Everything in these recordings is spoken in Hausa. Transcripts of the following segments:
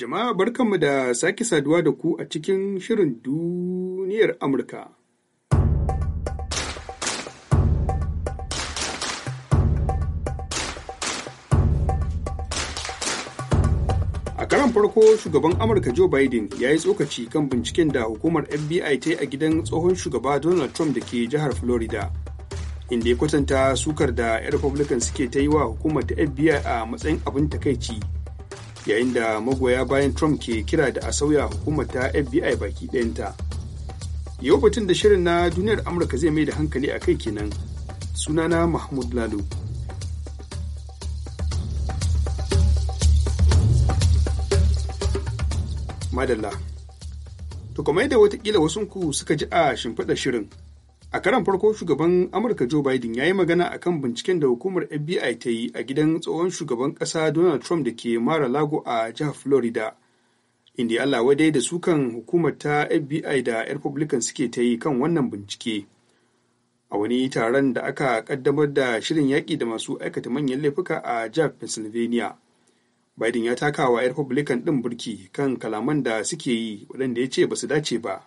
Jama'a barkanmu da sake saduwa da ku a cikin shirin duniyar Amurka. A karan farko shugaban Amurka Joe Biden ya yi tsokaci kan binciken da hukumar FBI ta yi a gidan tsohon shugaba Donald Trump da ke jihar Florida. Inda ya kwatanta sukar da 'yan Republican suke ta yi wa hukumar ta FBI a matsayin abin takaici. yayin da magoya bayan trump ke kira da a sauya hukumar ta fbi baki ɗayanta yau batun da shirin na duniyar amurka zai mai da hankali a kai kenan sunana mahmud lalo madalla to kamar yadda watakila wasunku suka ji a shimfiɗa shirin A karan farko shugaban Amurka Joe Biden ya yi magana a kan binciken da hukumar FBI ta yi a gidan tsohon shugaban ƙasa Donald Trump da ke mara lago a jihar Florida. Inda Allah wadai da sukan hukumar ta FBI da Republican suke ta yi kan wannan bincike. A wani taron da aka kaddamar da shirin yaƙi da masu aikata manyan laifuka a jihar Pennsylvania. Biden ya taka wa Republican ɗin burki kan kalaman da suke yi waɗanda ya ce ba su dace ba.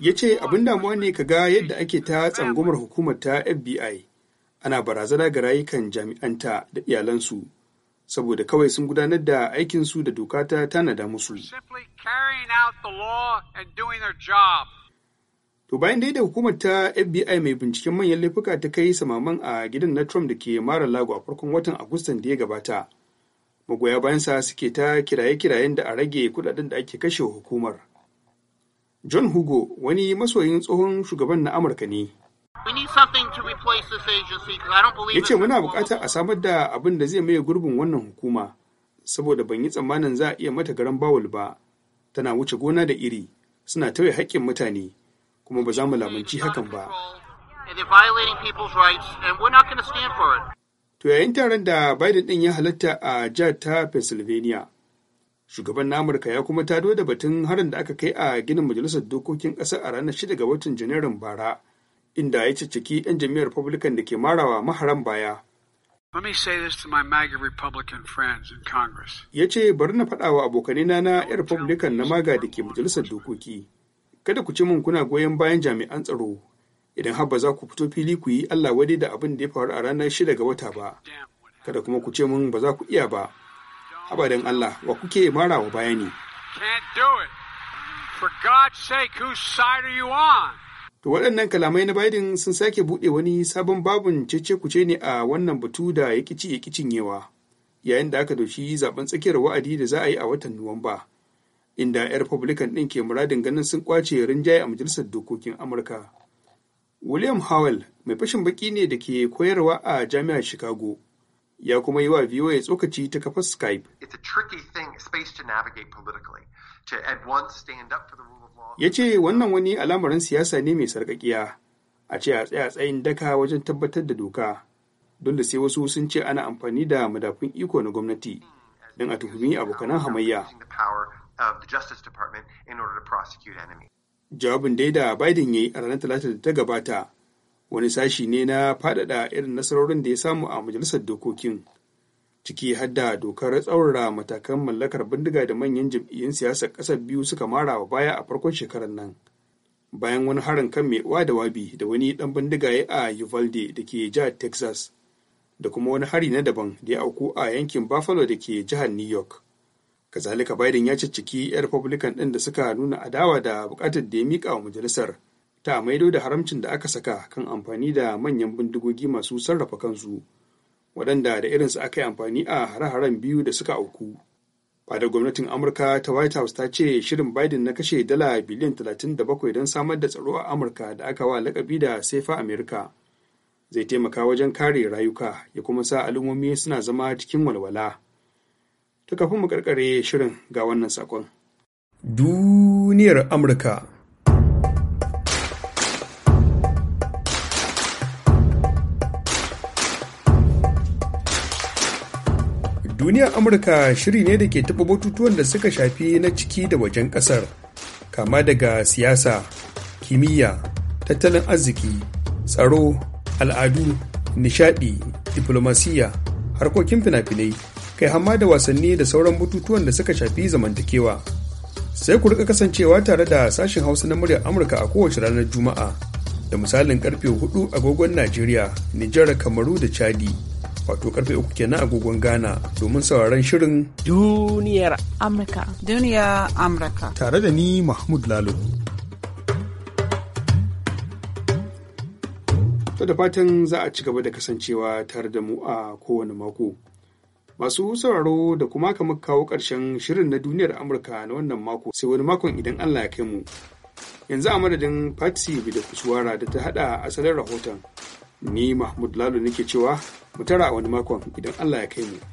Ya ce abin damuwa ne ka ga yadda ake ta tsangumar hukumar ta FBI ana barazana ga rayukan jami'anta da iyalansu saboda kawai sun gudanar da aikinsu da doka ta tanada musu. To bayan dai da hukumar ta FBI mai binciken manyan laifuka ta kai samaman a gidan na Trump da ke mara lago a farkon watan Agustan da ya gabata. magoya sa suke ta kiraye-kirayen da a rage kudaden da ake kashe hukumar. John Hugo wani masoyin tsohon shugaban na Amurka ne. Ya ce muna bukatar a samar da abin da zai maye gurbin wannan hukuma, saboda ban yi tsammanin za a iya mata garan bawul ba, tana wuce gona da iri, suna tauye haƙƙin mutane, kuma ba za mu lamunci hakan ba. To yayin taron da Biden ɗin ya halatta a jihar ta Pennsylvania, shugaban na Amurka ya kuma tado da batun harin da aka kai a ginin majalisar dokokin ƙasar a ranar 6 ga watan Janairun bara, inda ya cicciki 'yan jam'iyyar Republican da ke marawa maharan baya. Let me say my MAGA Republican friends in Congress. Ya ce bari na faɗawa abokanai na na 'yan Republican na MAGA da ke majalisar dokoki. Kada ku ci mun kuna goyon bayan jami'an tsaro idan har ba za ku fito fili ku yi Allah wadai da abin da ya faru a ranar shida ga wata ba kada kuma ku ce mun ba za ku iya ba abadan Allah wa kuke mara wa bayani To waɗannan kalamai na Biden sun sake buɗe wani sabon babin cece kuce ne a wannan batu da ya kici ya cinyewa yayin da aka doshi zaben tsakiyar wa'adi da za a yi a watan Nuwamba. Inda 'yan Republican ɗin ke muradin ganin sun kwace rinjaye a majalisar dokokin Amurka. William Howell mai fashin baki ne da ke koyarwa a Jami'ar Chicago. ya kuma yi wa VOA tsokaci ta kafar Skype. Ya ce wannan wani alamarin siyasa ne mai sarƙaƙiya, a ce a tsaya tsayin daka wajen tabbatar da doka, don da sai wasu sun ce ana amfani da madafun iko na gwamnati don a tuhumi abokanan hamayya. jawabin dai da biden ya yi a ranar talata da ta gabata wani sashi ne na faɗaɗa irin nasarorin da ya samu a majalisar dokokin ciki hadda dokar tsaurara matakan mallakar bindiga da manyan jam'iyyun siyasar ƙasar biyu suka mara wa baya a farkon shekarar nan bayan wani harin kan mai uwa da wabi da wani ɗan bindiga ya a uvalde da ke jihar texas da kuma wani hari na daban da ya auku a yankin buffalo da ke jihar new york kazalika biden ya cicciki 'yan republican ɗin da suka nuna adawa da bukatar da ya mika wa majalisar ta maido da haramcin da aka saka kan amfani da manyan bindigogi masu sarrafa kansu waɗanda da irinsu aka yi amfani a hare-haren biyu da suka auku fadar gwamnatin amurka ta white house ta ce shirin biden na kashe dala biliyan 37 don samar da tsaro a amurka da aka wa lakabi da sefa america zai taimaka wajen kare rayuka ya kuma sa al'ummomi suna zama cikin walwala To kafin mu karkare shirin ga wannan sakon. Duniyar Amurka Duniyar Amurka shiri ne da ke taɓa batutuwan da suka shafi na ciki da wajen ƙasar, kama daga siyasa, kimiyya, tattalin arziki, tsaro, al'adu, nishadi, diflomasiyya, harkokin fina-finai. kai hamma da wasanni da sauran bututuwan da suka shafi zamantakewa. Sai ku rika kasancewa tare da sashen Hausa na muryar Amurka a kowace ranar Juma'a da misalin karfe 4 agogon Najeriya, Nijar, Kamaru da Chadi. Wato karfe uku kenan agogon Ghana domin sauraron shirin Duniyar Amurka. Duniyar Amurka. Tare da ni Mahmud Lalo. To da fatan za a ci gaba da kasancewa tare da mu a kowane mako. Masu sauraro da kuma kamar kawo ƙarshen shirin na duniyar Amurka na wannan mako sai wani makon idan Allah ya kai mu. Yanzu a madadin Patsy da Kusuwara da ta haɗa asalin rahoton. Ni Mahmud Lalo nake cewa mu tara a wani makon idan Allah ya kai mu.